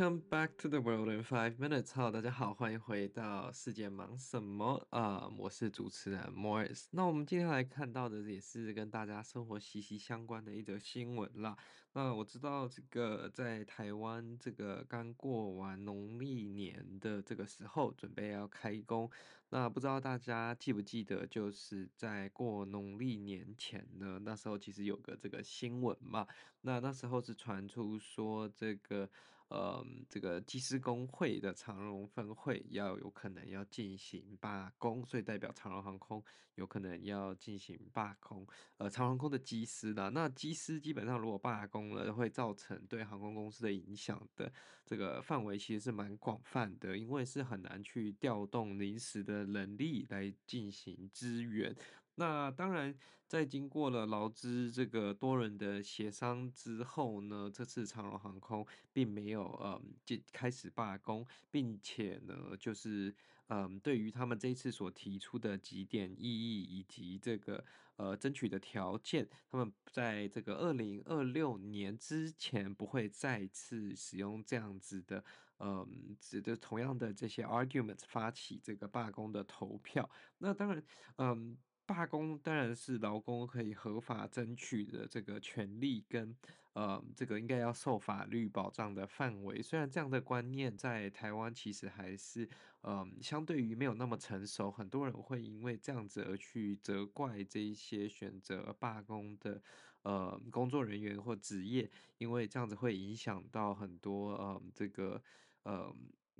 Welcome back to the world in five minutes。好，大家好，歡迎回到世界忙什麼啊、um, 我是主持人 Morris，那我們今天來看到的也是跟大家生活息息相關的一則新聞啦。那我知道這個在台灣，這個剛過完農曆年的這個時候，準備要開工。那不知道大家記不記得，就是在過農曆年前呢，那時候其實有個這個新聞嘛。那那時候是傳出說這個。呃、嗯，這個機師工會的長榮分會要有可能要進行罷工，所以代表長榮航空有可能要進行罷工。呃，長榮航空的機師呢，那機師基本上如果罷工了，會造成對航空公司的影響的這個範圍其實是蠻廣泛的，因為是很難去調動臨時的人力來進行支援。那當然，在經過了勞資這個多輪的協商之後呢，這次長榮航空並沒有呃、嗯，開始罷工，並且呢，就是嗯，對於他們這次所提出的幾點異議以及這個呃爭取的條件，他們在這個二零二六年之前不會再次使用這樣子的嗯，指的同樣的這些 arguments 發起這個罷工的投票。那當然，嗯。罷工當然是勞工可以合法爭取的這個權利跟，跟呃，這個應該要受法律保障的範圍。雖然這樣的觀念在台灣其實還是嗯、呃，相對於沒有那麼成熟，很多人會因為這樣子而去責怪這一些選擇罷工的呃工作人員或職業，因為這樣子會影響到很多呃這個呃。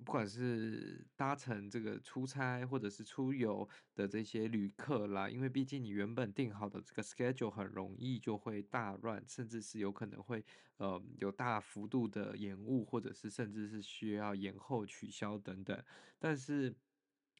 不管是搭乘這個出差或者是出遊的這些旅客啦，因為畢竟你原本定好的這個 schedule 很容易就會大亂，甚至是有可能會呃有大幅度的延誤，或者是甚至是需要延後取消等等，但是。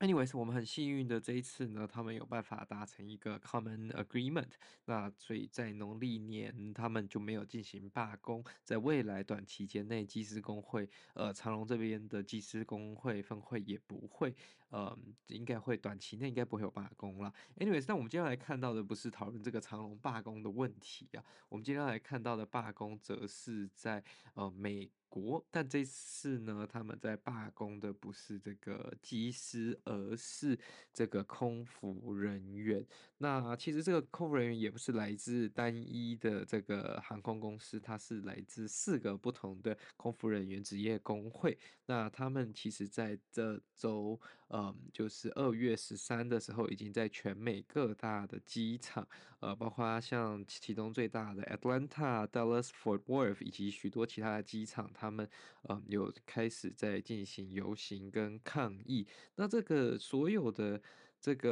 Anyways，我們很幸運的這一次呢，他們有辦法達成一個 common agreement。那所以在農曆年，他們就沒有進行罷工。在未來短期間內，技師工會，呃，長榮這邊的技師工會分會也不會。呃、嗯，應該會短期內應該不會有罷工了。Anyways，那我們今天來看到的不是討論這個長龍罷工的問題啊，我們今天來看到的罷工則是在呃美國，但這次呢，他們在罷工的不是這個機師，而是這個空服人員。那其實這個空服人員也不是來自單一的這個航空公司，它是來自四個不同的空服人員職業工會。那他們其實在這週呃。嗯，就是二月十三的時候，已經在全美各大的機場，呃，包括像其中最大的 Atlanta、Dallas、Fort Worth 以及許多其他的機場，他們嗯有開始在進行遊行跟抗議。那這個所有的這個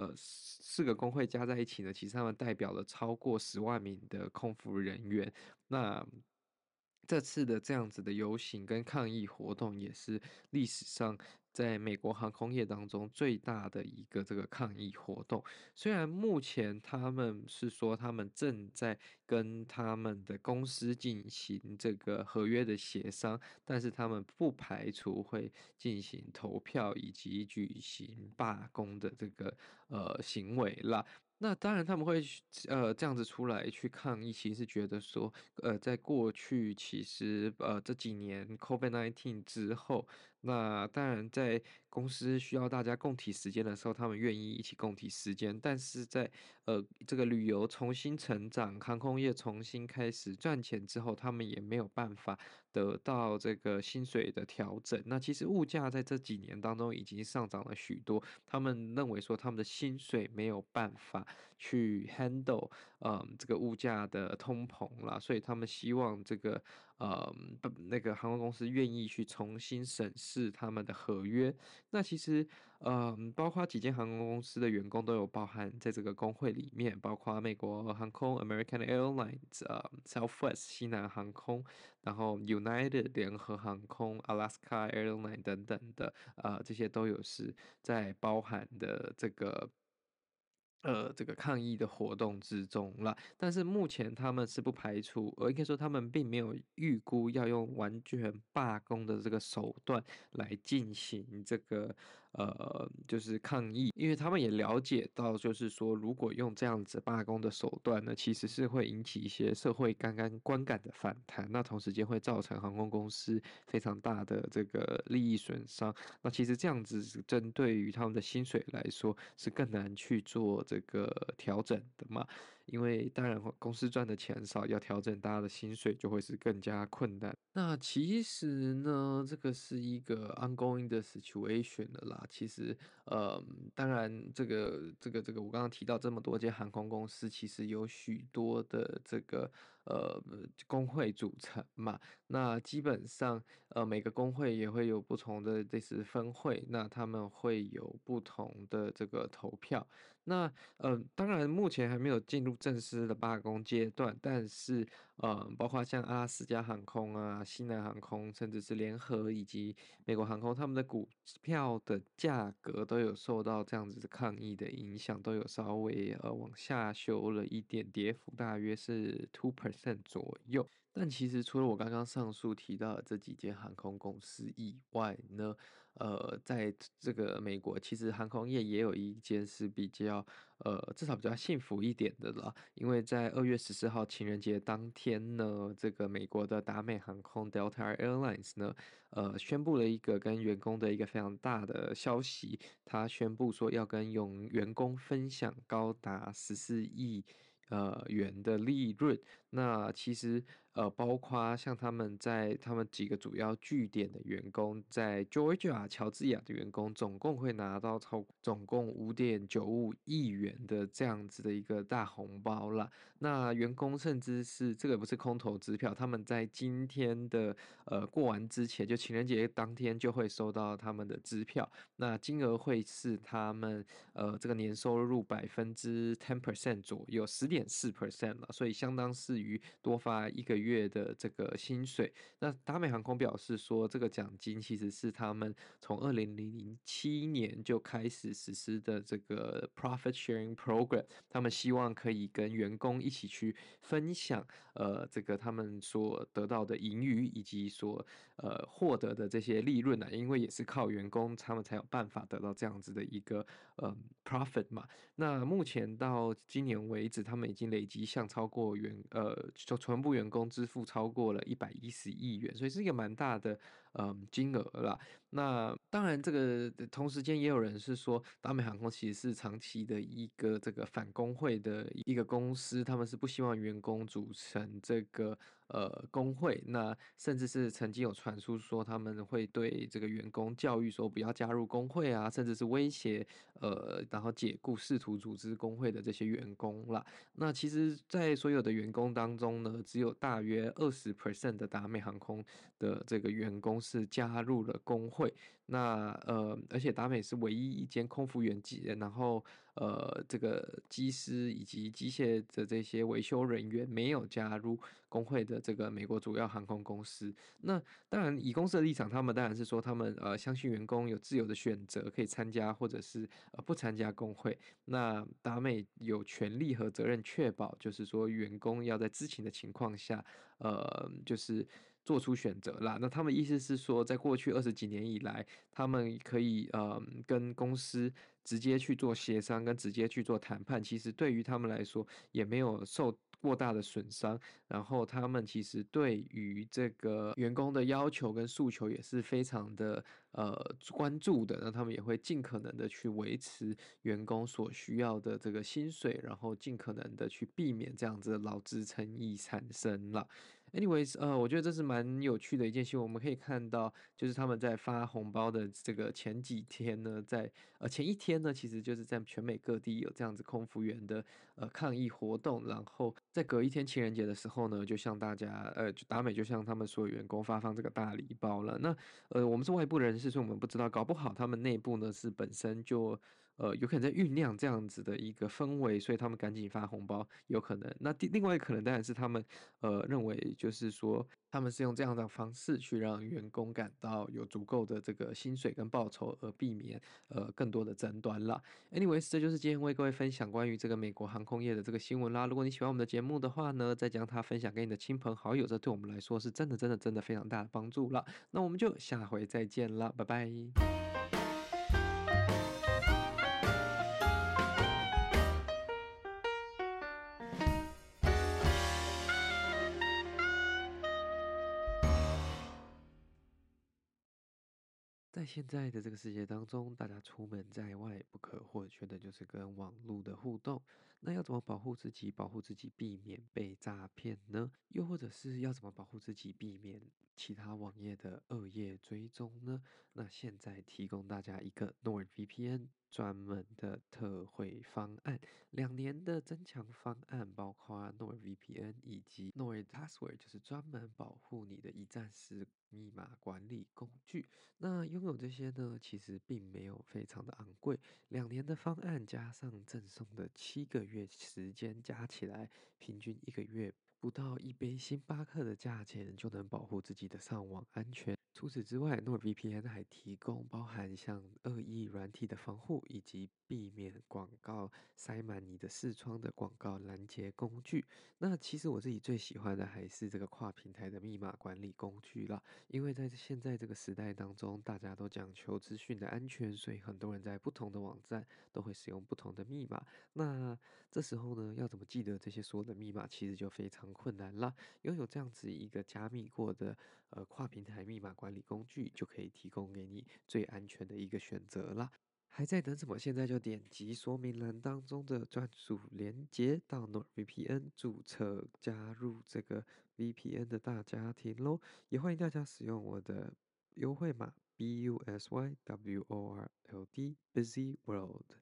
呃四個工會加在一起呢，其實他們代表了超過十萬名的空服人員。那這次的這樣子的遊行跟抗議活動，也是歷史上在美國航空業當中最大的一個這個抗議活動。雖然目前他們是說他們正在跟他們的公司進行這個合約的協商，但是他們不排除會進行投票以及舉行罷工的這個呃行為啦。那當然他們會呃這樣子出來去抗議，其實是覺得說，呃，在過去其實呃這幾年 COVID-19 之後。那當然，在公司需要大家共體時艱的時候，他們願意一起共體時艱。但是在呃，這個旅遊重新成長，航空業重新開始賺錢之後，他們也沒有辦法得到這個薪水的調整。那其實物價在這幾年當中已經上漲了許多，他們認為說他們的薪水沒有辦法去 handle，嗯、呃，這個物價的通膨了，所以他們希望這個。呃、嗯，那個航空公司願意去重新審視他們的合約。那其實，呃、嗯，包括幾間航空公司的員工都有包含在這個工會裡面，包括美國航空 （American Airlines）、um、Southwest 西南航空，然後 United 聯合航空、Alaska Airlines 等等的，呃，這些都有是在包含的這個。呃，這個抗議的活動之中了，但是目前他們是不排除，我應該說他們並沒有預估要用完全罷工的這個手段來進行這個呃，就是抗議，因為他們也了解到，就是說如果用這樣子罷工的手段呢，其實是會引起一些社會剛剛觀感的反彈，那同時間會造成航空公司非常大的這個利益損傷，那其實這樣子針對於他們的薪水來說是更難去做這個。這個調整的嘛。因為當然，公司賺的錢少，要調整大家的薪水就會是更加困難。那其實呢，這個是一個 ongoing 的 situation 的啦。其實，呃，當然，這個、這個、這個，我剛剛提到這麼多間航空公司，其實有許多的這個呃工會組成嘛。那基本上，呃，每個工會也會有不同的這些分會，那他們會有不同的這個投票。那呃，當然，目前還沒有進入正式的罷工階段，但是。呃、嗯，包括像阿拉斯加航空啊、西南航空，甚至是聯合以及美國航空，他們的股票的價格都有受到這樣子的抗議的影響，都有稍微呃往下修了一點跌幅，大約是 two percent 左右。但其實除了我剛剛上述提到的這幾間航空公司以外呢，呃，在這個美國其實航空業也有一間是比較呃至少比較幸福一點的啦，因為在二月十四號情人節當天。天呢，這個美國的達美航空 Delta Airlines 呢，呃，宣布了一個跟員工的一個非常大的消息，他宣布說要跟用員工分享高達十四億呃元的利潤。那其實。呃，包括像他們在他們幾個主要據點的員工，在 Georgia 喬治亞的員工，總共會拿到超總共五點九五億元的這樣子的一個大紅包了。那員工甚至是這個不是空頭支票，他們在今天的呃過完之前，就情人節當天就會收到他們的支票。那金額會是他們呃這個年收入百分之 ten percent 左右十點四 percent 了，所以相當是於多發一個月。月的這個薪水，那達美航空表示說，這個獎金其實是他們從二零零七年就開始實施的這個 profit sharing program。他們希望可以跟員工一起去分享，呃，這個他們所得到的盈餘以及所呃獲得的這些利潤啊，因為也是靠員工他們才有辦法得到這樣子的一個呃 profit 嘛。那目前到今年為止，他們已經累積向超過員呃全部員工。支付超過了一百一十億元，所以是一個蠻大的嗯金額啦。那當然，這個同時間也有人是說，達美航空其實是長期的一個這個反工會的一個公司，他們是不希望員工組成這個呃工會。那甚至是曾經有傳出說，他們會對這個員工教育說不要加入工會啊，甚至是威脅呃，然後解雇試圖組織工會的這些員工啦。那其實，在所有的員工當中呢，只有大約二十 percent 的達美航空的這個員工是加入了工會。那呃，而且達美是唯一一間空服員機，然後呃，這個機師以及機械的這些維修人員沒有加入工會的這個美國主要航空公司。那當然，以公司的立場，他們當然是說，他們呃，相信員工有自由的選擇，可以參加或者是呃不參加工會。那達美有權利和責任確保，就是說員工要在知情的情況下，呃，就是。做出選擇啦。那他們意思是說，在過去二十幾年以來，他們可以呃跟公司直接去做協商，跟直接去做談判。其實對於他們來說，也沒有受過大的損傷。然後他們其實對於這個員工的要求跟訴求也是非常的呃關注的。那他們也會盡可能的去維持員工所需要的這個薪水，然後盡可能的去避免這樣子的勞資爭議產生了。Anyways，呃，我覺得這是蠻有趣的一件事。我們可以看到，就是他們在發紅包的這個前幾天呢，在呃前一天呢，其實就是在全美各地有這樣子空服員的呃抗議活動。然後在隔一天情人節的時候呢，就向大家呃就達美就向他們所有員工發放這個大禮包了。那呃，我們是外部人士，所以我們不知道，搞不好他們內部呢是本身就。呃，有可能在醞釀這樣子的一個氛圍，所以他們趕緊發紅包，有可能。那另外一個可能當然是他們，呃，認為就是說他們是用這樣的方式去讓員工感到有足夠的這個薪水跟報酬，而避免呃更多的爭端了。Anyways，這就是今天為各位分享關於這個美國航空業的這個新聞啦。如果你喜歡我們的節目的話呢，再將它分享給你的親朋好友，這對我們來說是真的、真的、真的非常大的幫助了。那我們就下回再見啦，拜拜。現在的這個世界當中，大家出門在外不可或缺的就是跟網絡的互動。那要怎麼保護自己，保護自己避免被詐騙呢？又或者是要怎麼保護自己，避免其他網頁的惡意追蹤呢？那現在提供大家一個 NordVPN 專門的特惠方案，兩年的增強方案，包括 NordVPN 以及 NordPass，就是專門保護你的一站式密碼管理工具。那擁有這些呢，其實並沒有非常的昂貴。兩年的方案加上贈送的七個月時間，加起來平均一個月不到一杯星巴克的價錢，就能保護自己的上網安全。除此之外，諾爾 VPN 還提供包含像惡意軟體的防護以及。避免廣告塞滿你的視窗的廣告攔截工具。那其實我自己最喜歡的還是這個跨平台的密碼管理工具啦。因為在現在這個時代當中，大家都講求資訊的安全，所以很多人在不同的網站都會使用不同的密碼。那這時候呢，要怎麼記得這些所有的密碼，其實就非常困難啦。擁有這樣子一個加密過的呃跨平台密碼管理工具，就可以提供給你最安全的一個選擇啦。還在等什麼？現在就點擊說明欄當中的專屬鏈接到 NordVPN，註冊加入這個 VPN 的大家庭嘍！也歡迎大家使用我的優惠碼 BUSYWORLD，Busy World。